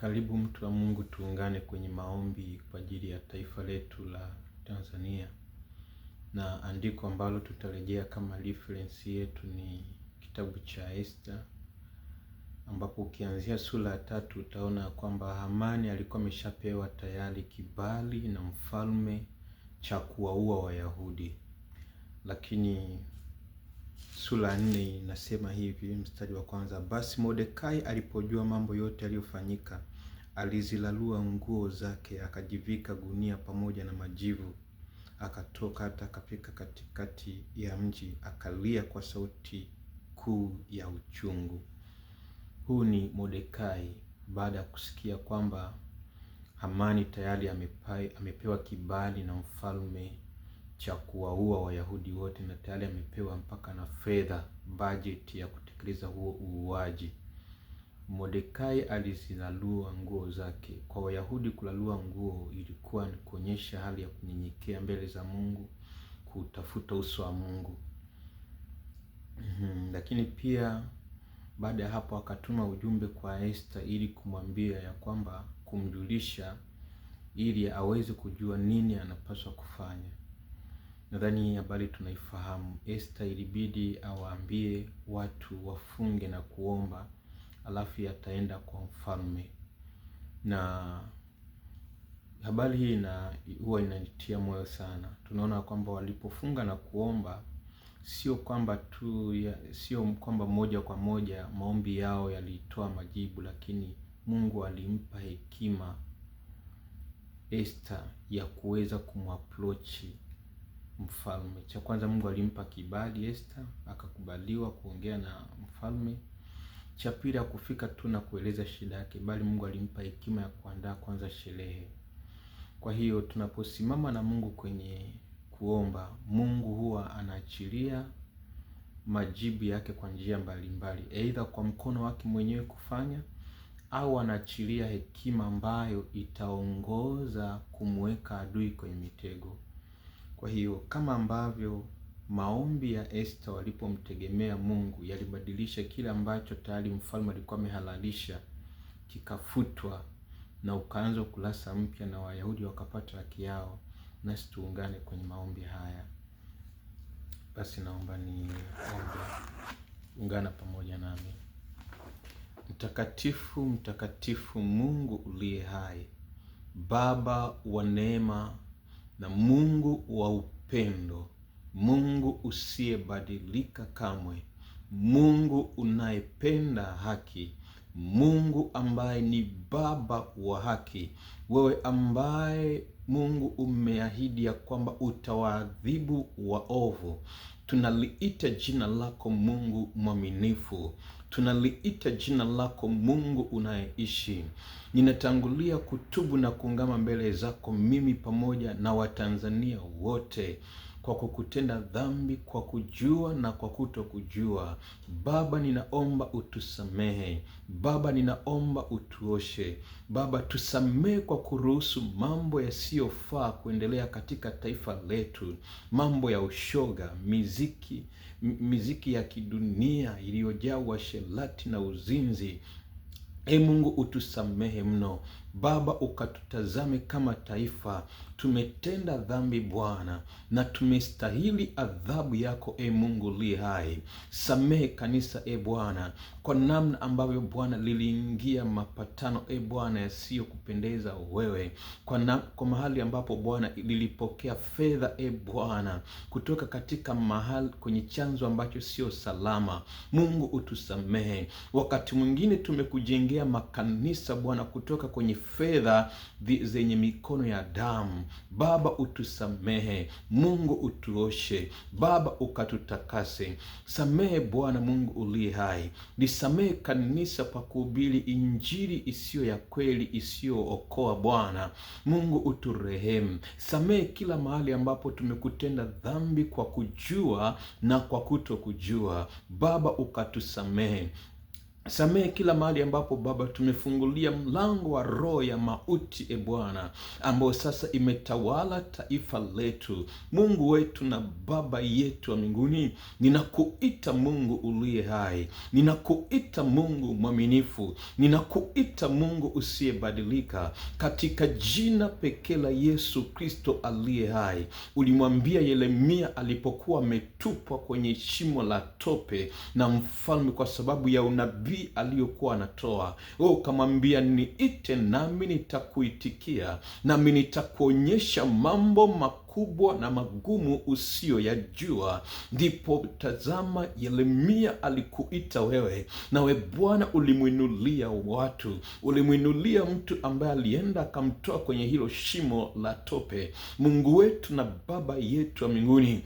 Karibu mtu wa Mungu, tuungane kwenye maombi kwa ajili ya taifa letu la Tanzania, na andiko ambalo tutarejea kama reference yetu ni kitabu cha Esther, ambapo ukianzia sura ya tatu utaona kwamba Hamani alikuwa ameshapewa tayari kibali na mfalme cha kuwaua Wayahudi, lakini sura nne inasema hivi mstari wa kwanza: basi Mordekai alipojua mambo yote yaliyofanyika Alizilalua nguo zake, akajivika gunia pamoja na majivu, akatoka hata akafika katikati ya mji, akalia kwa sauti kuu ya uchungu. Huu ni Mordekai baada ya kusikia kwamba Hamani tayari amepewa kibali na mfalme cha kuwaua Wayahudi wote na tayari amepewa mpaka na fedha bajeti ya kutekeleza huo uuaji. Mordekai alizilalua nguo zake. Kwa Wayahudi kulalua nguo ilikuwa ni kuonyesha hali ya kunyenyekea mbele za Mungu, kutafuta uso wa Mungu. Mm-hmm. Lakini pia baada ya hapo akatuma ujumbe kwa Esther ili kumwambia ya kwamba kumjulisha ili aweze kujua nini anapaswa kufanya. Nadhani hii habari tunaifahamu. Esther ilibidi awaambie watu wafunge na kuomba alafu yataenda kwa mfalme. Na habari hii na huwa inanitia moyo sana. Tunaona kwamba walipofunga na kuomba sio kwamba tu ya, sio kwamba moja kwa moja maombi yao yalitoa majibu, lakini Mungu alimpa hekima Esther ya kuweza kumwaprochi mfalme. Cha kwanza Mungu alimpa kibali Esther, akakubaliwa kuongea na mfalme. Cha pili hakufika tu na kueleza shida yake, bali Mungu alimpa hekima ya kuandaa kwanza sherehe. Kwa hiyo tunaposimama na Mungu kwenye kuomba, Mungu huwa anaachilia majibu yake kwa njia mbalimbali, aidha kwa mkono wake mwenyewe kufanya au anaachilia hekima ambayo itaongoza kumweka adui kwenye mitego. Kwa hiyo kama ambavyo Maombi ya Esta walipomtegemea Mungu yalibadilisha kile ambacho tayari mfalme alikuwa amehalalisha, kikafutwa na ukaanza ukurasa mpya na Wayahudi wakapata haki yao. Nasi tuungane kwenye maombi haya. Basi naomba ombe, ungana pamoja nami. Mtakatifu, mtakatifu, Mungu uliye hai, Baba wa neema na Mungu wa upendo Mungu usiyebadilika kamwe, Mungu unayependa haki, Mungu ambaye ni Baba wa haki, wewe ambaye Mungu umeahidi ya kwamba utawaadhibu waovu. Tunaliita jina lako Mungu mwaminifu, tunaliita jina lako Mungu unayeishi. Ninatangulia kutubu na kuungama mbele zako, mimi pamoja na Watanzania wote kwa kukutenda dhambi, kwa kujua na kwa kutokujua. Baba, ninaomba utusamehe. Baba, ninaomba utuoshe. Baba, tusamehe kwa kuruhusu mambo yasiyofaa kuendelea katika taifa letu, mambo ya ushoga, miziki, miziki ya kidunia iliyojaa uasherati na uzinzi. E Mungu, utusamehe mno Baba, ukatutazame kama taifa tumetenda dhambi Bwana, na tumestahili adhabu yako, e Mungu li hai. Samehe kanisa, e Bwana, kwa namna ambavyo Bwana liliingia mapatano, e Bwana, yasiyokupendeza wewe, kwa, na, kwa mahali ambapo Bwana lilipokea fedha, e Bwana, kutoka katika mahali kwenye chanzo ambacho sio salama. Mungu utusamehe. Wakati mwingine tumekujengea makanisa Bwana kutoka kwenye fedha zenye mikono ya damu Baba utusamehe, Mungu utuoshe, Baba ukatutakase. Samehe Bwana Mungu uliye hai, nisamehe kanisa pa kuhubiri injili isiyo ya kweli, isiyookoa. Bwana Mungu uturehemu, samehe kila mahali ambapo tumekutenda dhambi kwa kujua na kwa kutokujua. Baba ukatusamehe Samehe kila mahali ambapo Baba tumefungulia mlango wa roho ya mauti, e Bwana, ambayo sasa imetawala taifa letu. Mungu wetu na Baba yetu wa mbinguni, ninakuita Mungu uliye hai, ninakuita Mungu mwaminifu, ninakuita Mungu usiyebadilika, katika jina pekee la Yesu Kristo aliye hai. Ulimwambia Yeremia alipokuwa ametupwa kwenye shimo la tope na mfalme kwa sababu ya unabii maombi aliyokuwa anatoa. Wewe oh, ukamwambia niite, nami nitakuitikia, nami nitakuonyesha mambo makubwa na magumu usiyoyajua. Ndipo tazama, Yeremia alikuita wewe, nawe Bwana ulimwinulia watu, ulimwinulia mtu ambaye alienda akamtoa kwenye hilo shimo la tope. Mungu wetu na Baba yetu wa mbinguni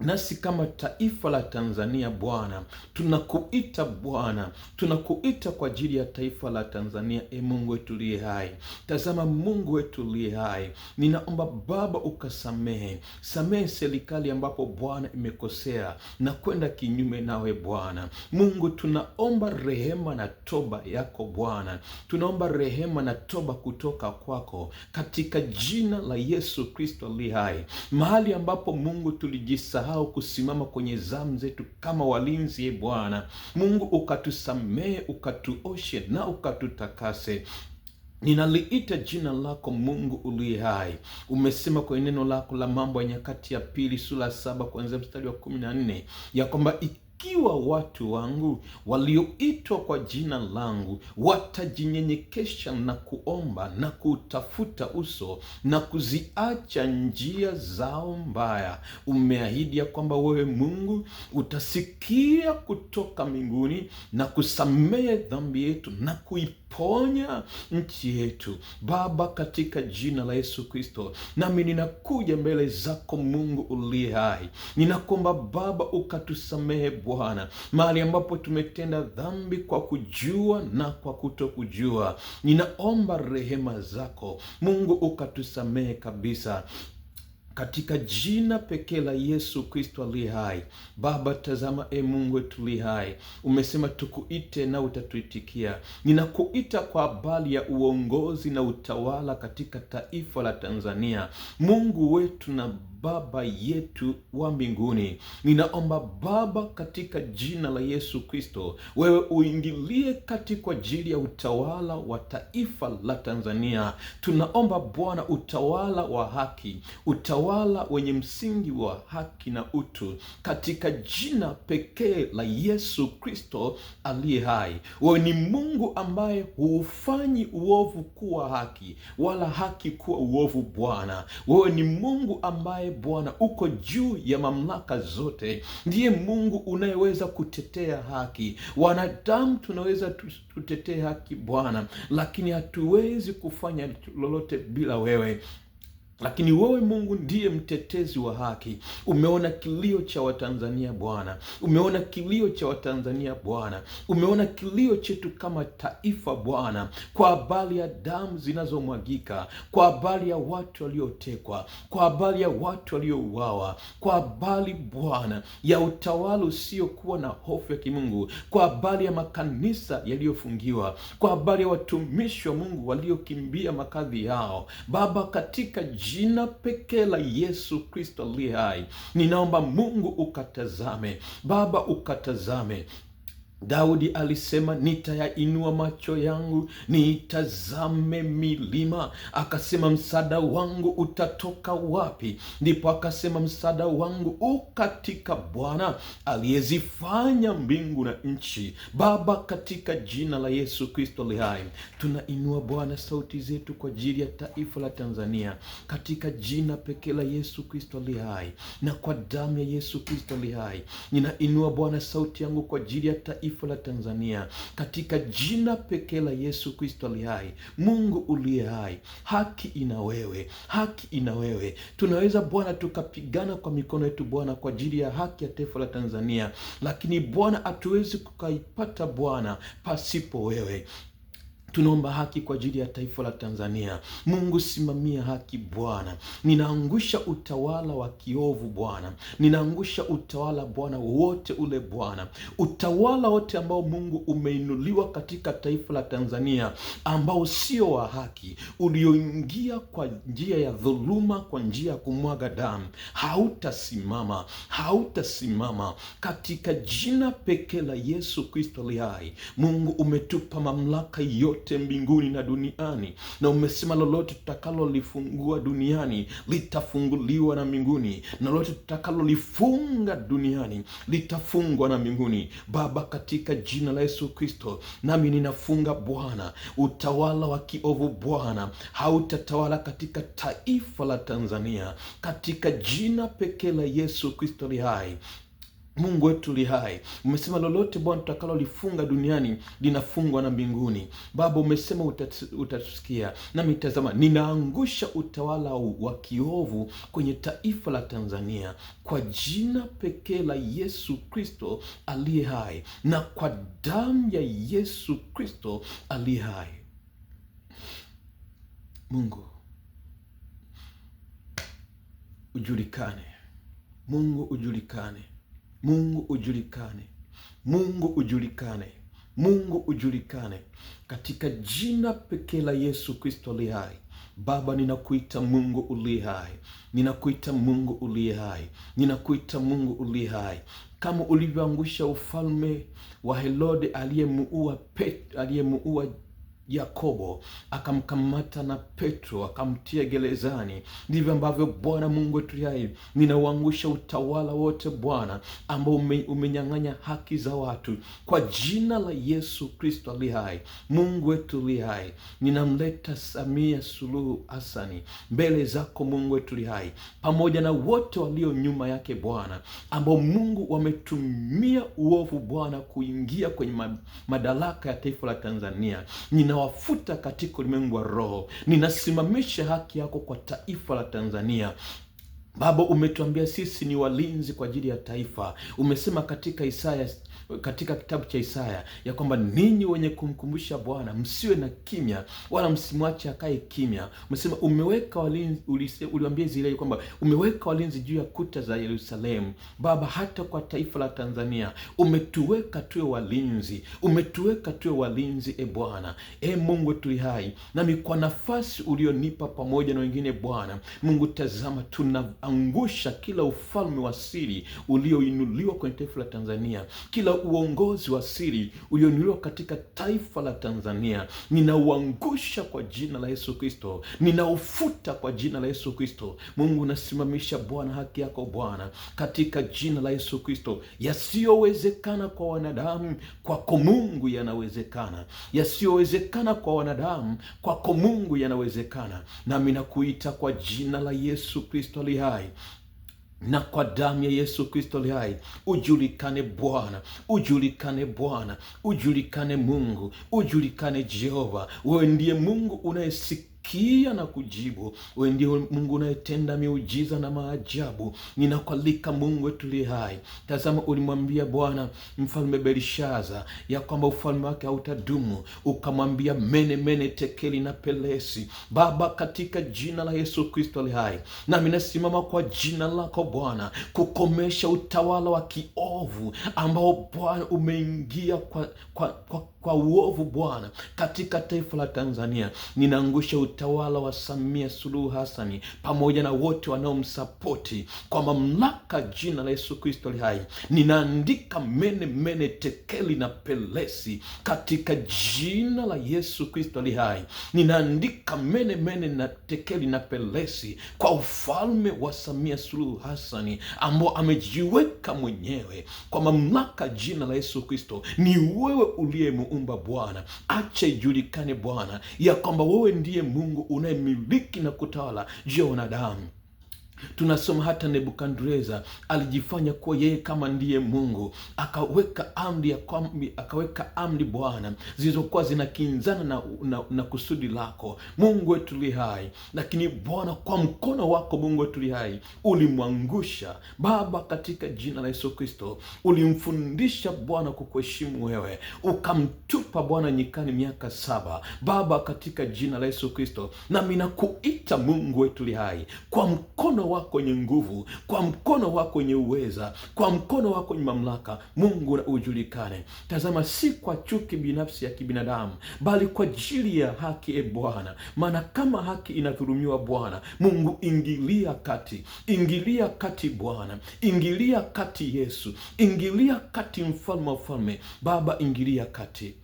Nasi kama taifa la Tanzania Bwana, tunakuita Bwana, tunakuita kwa ajili ya taifa la Tanzania. E Mungu wetu liye hai, tazama Mungu wetu liye hai, ninaomba Baba ukasamehe, samehe serikali ambapo Bwana imekosea na kwenda kinyume nawe Bwana Mungu, tunaomba rehema na toba yako Bwana, tunaomba rehema na toba kutoka kwako katika jina la Yesu Kristo liye hai, mahali ambapo Mungu tulijisa tusisahau kusimama kwenye zamu zetu kama walinzi. E Bwana Mungu, ukatusamehe, ukatuoshe na ukatutakase. Ninaliita jina lako Mungu uliye hai. Umesema kwenye neno lako la Mambo ya Nyakati ya Pili sura saba kuanzia mstari wa kumi na nne ya kwamba ikiwa watu wangu walioitwa kwa jina langu watajinyenyekesha na kuomba na kutafuta uso na kuziacha njia zao mbaya, umeahidi ya kwamba wewe Mungu utasikia kutoka mbinguni na kusamehe dhambi yetu na kuipa ponya nchi yetu Baba, katika jina la Yesu Kristo. Nami ninakuja mbele zako Mungu uliye hai, ninakuomba Baba ukatusamehe Bwana, mahali ambapo tumetenda dhambi kwa kujua na kwa kutokujua. Ninaomba rehema zako Mungu ukatusamehe kabisa katika jina pekee la Yesu Kristo aliye hai. Baba, tazama e Mungu wetu li hai, umesema tukuite na utatuitikia. Ninakuita kwa habari ya uongozi na utawala katika taifa la Tanzania, Mungu wetu na Baba yetu wa mbinguni, ninaomba Baba, katika jina la Yesu Kristo, wewe uingilie kati kwa ajili ya utawala wa taifa la Tanzania. Tunaomba Bwana, utawala wa haki, utawala wenye msingi wa haki na utu, katika jina pekee la Yesu Kristo aliye hai. Wewe ni Mungu ambaye huufanyi uovu kuwa haki, wala haki kuwa uovu. Bwana, wewe ni Mungu ambaye ambaye Bwana uko juu ya mamlaka zote, ndiye Mungu unayeweza kutetea haki. Wanadamu tunaweza tutetee haki Bwana, lakini hatuwezi kufanya lolote bila wewe lakini wewe Mungu ndiye mtetezi wa haki. Umeona kilio cha Watanzania Bwana, umeona kilio cha Watanzania Bwana, umeona kilio chetu kama taifa Bwana, kwa habari ya damu zinazomwagika, kwa habari ya watu waliotekwa, kwa habari ya watu waliouawa, kwa habari Bwana ya utawala usiokuwa na hofu ya Kimungu, kwa habari ya makanisa yaliyofungiwa, kwa habari ya watumishi wa Mungu waliokimbia makazi yao, Baba katika jina pekee la Yesu Kristo aliye hai, ninaomba Mungu ukatazame Baba, ukatazame Daudi alisema nitayainua macho yangu niitazame milima, akasema msaada wangu utatoka wapi? Ndipo akasema msaada wangu u katika Bwana aliyezifanya mbingu na nchi. Baba, katika jina la Yesu Kristo li hai, tunainua Bwana sauti zetu kwa ajili ya taifa la Tanzania katika jina pekee la Yesu Kristo li hai na kwa damu ya Yesu Kristo li hai, ninainua Bwana sauti yangu kwa ajili ya taifa taifa la Tanzania katika jina pekee la Yesu Kristo ali hai, Mungu uliye hai. Haki ina wewe, haki ina wewe. Tunaweza Bwana tukapigana kwa mikono yetu Bwana kwa ajili ya haki ya taifa la Tanzania, lakini Bwana hatuwezi kukaipata Bwana pasipo wewe. Tunaomba haki kwa ajili ya taifa la Tanzania. Mungu, simamia haki Bwana. Ninaangusha utawala wa kiovu Bwana, ninaangusha utawala Bwana wote ule Bwana, utawala wote ambao Mungu umeinuliwa katika taifa la Tanzania, ambao sio wa haki, ulioingia kwa njia ya dhuluma, kwa njia ya kumwaga damu, hautasimama, hautasimama katika jina pekee la Yesu Kristo aliye hai. Mungu umetupa mamlaka yote yote mbinguni na duniani, na umesema lolote tutakalolifungua duniani litafunguliwa na mbinguni, na lolote tutakalolifunga duniani litafungwa na mbinguni. Baba, katika jina la Yesu Kristo, nami ninafunga Bwana, utawala wa kiovu Bwana hautatawala katika taifa la Tanzania, katika jina pekee la Yesu Kristo li hai. Mungu wetu li hai, umesema lolote Bwana tutakalolifunga duniani linafungwa na mbinguni. Baba umesema utatusikia, nami tazama, ninaangusha utawala wa kiovu kwenye taifa la Tanzania kwa jina pekee la Yesu Kristo aliye hai na kwa damu ya Yesu Kristo aliye hai. Mungu ujulikane, Mungu ujulikane Mungu ujulikane, Mungu ujulikane, Mungu ujulikane katika jina pekee la Yesu Kristo aliye hai. Baba, ninakuita Mungu uliye hai, ninakuita Mungu uliye hai, ninakuita Mungu uliye hai kama ulivyoangusha ufalme wa Herode aliyemuua aliyemuua Yakobo akamkamata na Petro akamtia gerezani. Ndivyo ambavyo Bwana Mungu wetu hai, ninauangusha utawala wote Bwana ambao umenyang'anya haki za watu kwa jina la Yesu Kristo ali hai. Mungu wetu li hai, ninamleta Samia Suluhu Hasani mbele zako Mungu wetu li hai, pamoja na wote walio nyuma yake Bwana ambao Mungu wametumia uovu Bwana kuingia kwenye madaraka ya taifa la Tanzania Nina ninawafuta katika ulimwengu wa roho. Ninasimamisha haki yako kwa taifa la Tanzania. Baba, umetuambia sisi ni walinzi kwa ajili ya taifa. Umesema katika Isaya katika kitabu cha Isaya ya kwamba ninyi wenye kumkumbusha Bwana msiwe na kimya, wala msimwache akae kimya. Msema umeweka walinzi, uliwambia Israeli kwamba umeweka walinzi juu ya kuta za Yerusalemu. Baba, hata kwa taifa la Tanzania umetuweka tuwe walinzi, umetuweka tuwe walinzi. E Bwana, e Mungu tuli hai, nami kwa nafasi ulionipa pamoja na wengine Bwana Mungu, tazama tunaangusha kila ufalme wa siri ulioinuliwa kwenye taifa la Tanzania, kila uongozi wa siri ulionuliwa katika taifa la Tanzania, ninauangusha kwa jina la Yesu Kristo, ninaufuta kwa jina la Yesu Kristo. Mungu nasimamisha Bwana haki yako Bwana, katika jina la Yesu Kristo. Yasiyowezekana kwa wanadamu, kwako Mungu yanawezekana. Yasiyowezekana kwa wanadamu, kwako Mungu yanawezekana. Nami nakuita kwa jina la Yesu Kristo ali hai na kwa damu ya Yesu Kristo aliye hai, ujulikane Bwana, ujulikane Bwana, ujulikane Mungu, ujulikane Jehova. Wewe ndiye Mungu unayesikia kusikia na kujibu. Wewe ndio Mungu unayetenda miujiza na maajabu. Ninakualika Mungu wetu li hai. Tazama, ulimwambia Bwana Mfalme Belishaza ya kwamba ufalme wake hautadumu, ukamwambia mene mene tekeli na pelesi. Baba, katika jina la Yesu Kristo aliye hai, nami nasimama kwa jina lako Bwana kukomesha utawala wa kiovu ambao Bwana umeingia kwa, kwa, kwa kwa uovu Bwana, katika taifa la Tanzania. Ninaangusha utawala wa Samia Suluhu Hasani pamoja na wote wanaomsapoti kwa mamlaka jina la Yesu Kristo li hai. Ninaandika mene mene tekeli na pelesi katika jina la Yesu Kristo li hai. Ninaandika mene mene na tekeli na pelesi kwa ufalme wa Samia Suluhu Hasani ambao amejiweka mwenyewe kwa mamlaka jina la Yesu Kristo. Ni wewe uliyemu aliyeumba Bwana, acha ijulikane Bwana ya kwamba wewe ndiye Mungu unayemiliki na kutawala juu ya wanadamu. Tunasoma hata Nebukadreza alijifanya kuwa yeye kama ndiye Mungu, akaweka amri, akaweka amri Bwana zilizokuwa zinakinzana na, na, na kusudi lako. Mungu wetu li hai, lakini Bwana, kwa mkono wako Mungu wetu li hai ulimwangusha. Baba, katika jina la Yesu Kristo, ulimfundisha Bwana kukuheshimu wewe, ukamtupa Bwana nyikani miaka saba. Baba, katika jina la Yesu Kristo, nami nakuita Mungu wetu li hai, kwa mkono mkono wako wenye nguvu, kwa mkono wako wenye uweza, kwa mkono wako wenye mamlaka, Mungu na ujulikane. Tazama, si kwa chuki binafsi ya kibinadamu, bali kwa ajili ya haki, e Bwana, maana kama haki inadhulumiwa, Bwana Mungu, ingilia kati, ingilia kati Bwana, ingilia kati Yesu, ingilia kati mfalme wa falme, Baba, ingilia kati.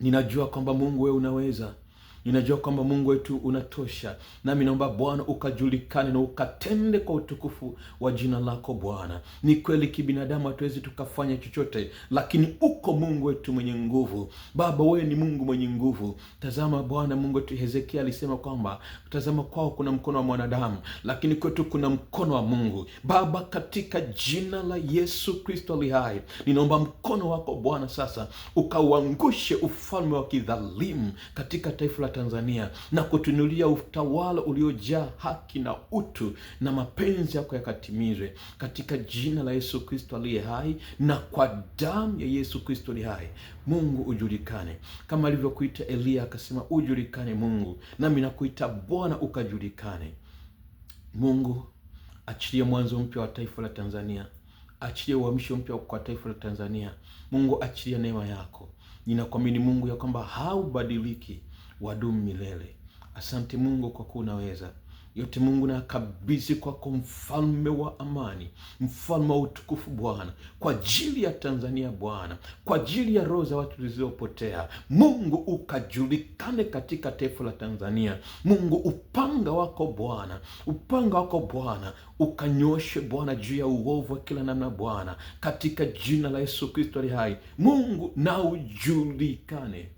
Ninajua kwamba Mungu wewe unaweza ninajua kwamba Mungu wetu unatosha, nami naomba Bwana ukajulikane na ukatende kwa utukufu wa jina lako Bwana. Ni kweli kibinadamu hatuwezi tukafanya chochote, lakini uko Mungu wetu mwenye nguvu. Baba, wewe ni Mungu mwenye nguvu. Tazama Bwana Mungu wetu, Hezekia alisema kwamba tazama, kwao kuna mkono wa mwanadamu, lakini kwetu kuna mkono wa Mungu. Baba, katika jina la Yesu Kristo ali hai, ninaomba mkono wako Bwana sasa ukauangushe ufalme wa kidhalimu katika taifa la Tanzania na kutunulia utawala uliojaa haki na utu, na mapenzi yako yakatimizwe katika jina la Yesu Kristo aliye hai na kwa damu ya Yesu Kristo aliye hai. Mungu ujulikane, kama alivyokuita Eliya akasema, ujulikane Mungu, nami nakuita Bwana ukajulikane. Mungu achilie mwanzo mpya wa taifa la Tanzania, achilie uhamishi mpya kwa taifa la Tanzania. Mungu achilie neema yako. Ninakuamini Mungu ya kwamba haubadiliki, wadumu milele. Asante Mungu kwa kuwa unaweza yote. Mungu nakabidhi kwako, mfalme wa amani, mfalme wa utukufu Bwana, kwa ajili ya Tanzania Bwana, kwa ajili ya roho za watu zilizopotea. Mungu ukajulikane katika taifa la Tanzania. Mungu upanga wako Bwana, upanga wako Bwana ukanyoshe Bwana juu ya uovu wa kila namna Bwana, katika jina la Yesu Kristo ali hai. Mungu na ujulikane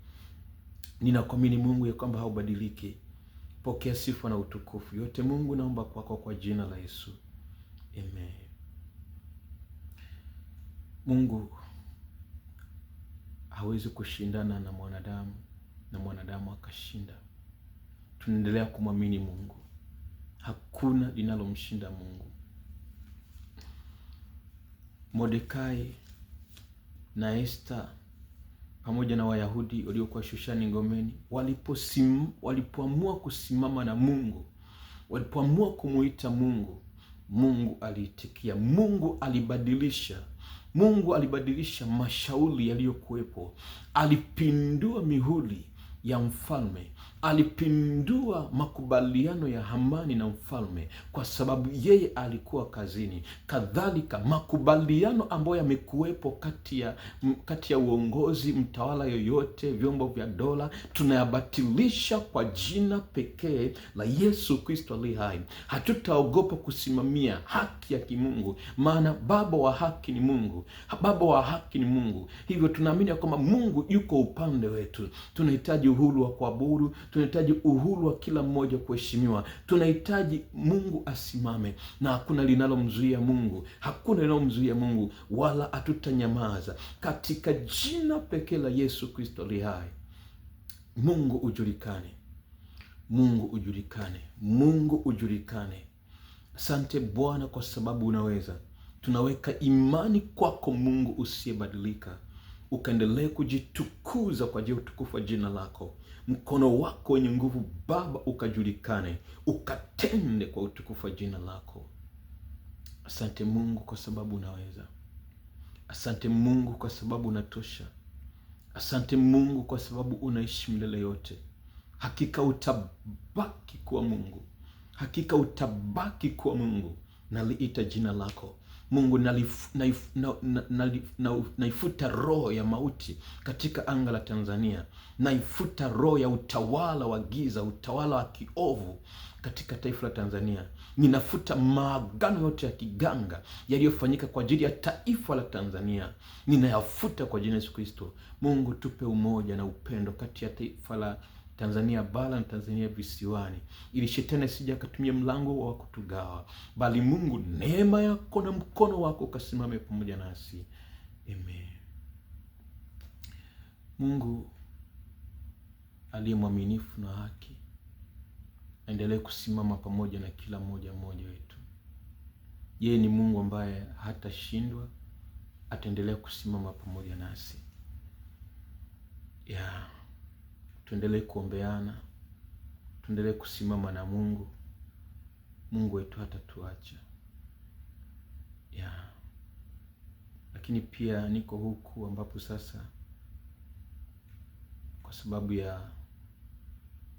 Ninakuamini Mungu ya kwamba haubadiliki. Pokea sifa na utukufu yote Mungu, naomba kwako kwa jina la Yesu, amen. Mungu hawezi kushindana na mwanadamu na mwanadamu akashinda. Tunaendelea kumwamini Mungu, hakuna linalomshinda Mungu. Mordekai na Esta pamoja na Wayahudi waliokuwa Shushani ngomeni waliposim, walipoamua kusimama na Mungu, walipoamua kumuita Mungu, Mungu aliitikia, Mungu alibadilisha Mungu alibadilisha mashauri yaliyokuwepo, alipindua mihuri ya mfalme alipindua makubaliano ya Hamani na mfalme kwa sababu yeye alikuwa kazini. Kadhalika, makubaliano ambayo yamekuwepo kati ya kati ya uongozi, mtawala yoyote, vyombo vya dola, tunayabatilisha kwa jina pekee la Yesu Kristo ali hai. Hatutaogopa kusimamia haki ya kimungu, maana baba wa haki ni Mungu, baba wa haki ni Mungu. Hivyo tunaamini ya kwamba Mungu yuko upande wetu, tunahitaji tunahitaji uhuru wa kuabudu, tunahitaji uhuru wa kila mmoja kuheshimiwa, tunahitaji Mungu asimame, na hakuna linalomzuia Mungu, hakuna linalomzuia Mungu, wala hatutanyamaza katika jina pekee la Yesu Kristo li hai. Mungu ujulikane, Mungu ujulikane, Mungu ujulikane. Asante Bwana kwa sababu unaweza. Tunaweka imani kwako Mungu usiyebadilika ukaendelee kujitukuza kwa ajili ya utukufu wa jina lako. Mkono wako wenye nguvu Baba ukajulikane, ukatende kwa utukufu wa jina lako. Asante Mungu kwa sababu unaweza. Asante Mungu kwa sababu unatosha. Asante Mungu kwa sababu unaishi milele yote. Hakika utabaki kuwa Mungu, hakika utabaki kuwa Mungu. Naliita jina lako Mungu naifuta na, na, na, na, na roho ya mauti katika anga la Tanzania. Naifuta roho ya utawala wa giza, utawala wa kiovu katika taifa la Tanzania. Ninafuta maagano yote ya kiganga yaliyofanyika kwa ajili ya taifa la Tanzania, ninayafuta kwa jina Yesu Kristo. Mungu, tupe umoja na upendo kati ya taifa la Tanzania bara na Tanzania visiwani, ili shetani asije akatumia mlango wa kutugawa, bali Mungu, neema yako na mkono wako ukasimame pamoja nasi. Amen. Mungu aliye mwaminifu na haki aendelee kusimama pamoja na kila mmoja mmoja wetu. Yeye ni Mungu ambaye hatashindwa, ataendelea kusimama pamoja nasi yeah tuendelee kuombeana, tuendelee kusimama na Mungu. Mungu wetu hatatuacha ya. Lakini pia niko huku ambapo sasa kwa sababu ya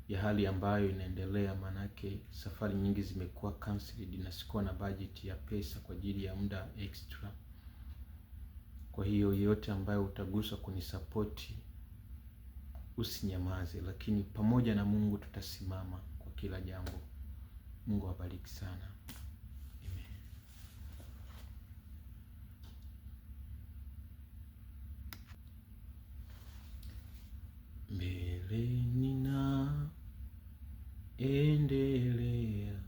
ya hali ambayo inaendelea, maanake safari nyingi zimekuwa cancelled na sikuwa na budget ya pesa kwa ajili ya muda extra. Kwa hiyo yeyote ambayo utaguswa kunisapoti usinyamaze, lakini pamoja na Mungu tutasimama kwa kila jambo. Mungu awabariki sana. Mbele nina endelea,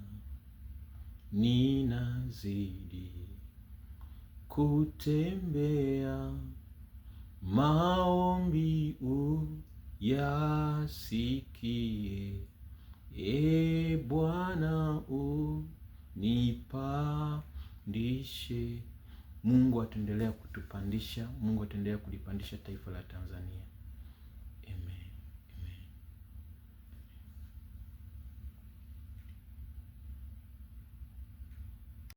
ninazidi kutembea maombi u yasikie. E Bwana, unipandishe. Mungu ataendelea kutupandisha, Mungu ataendelea kulipandisha taifa la Tanzania.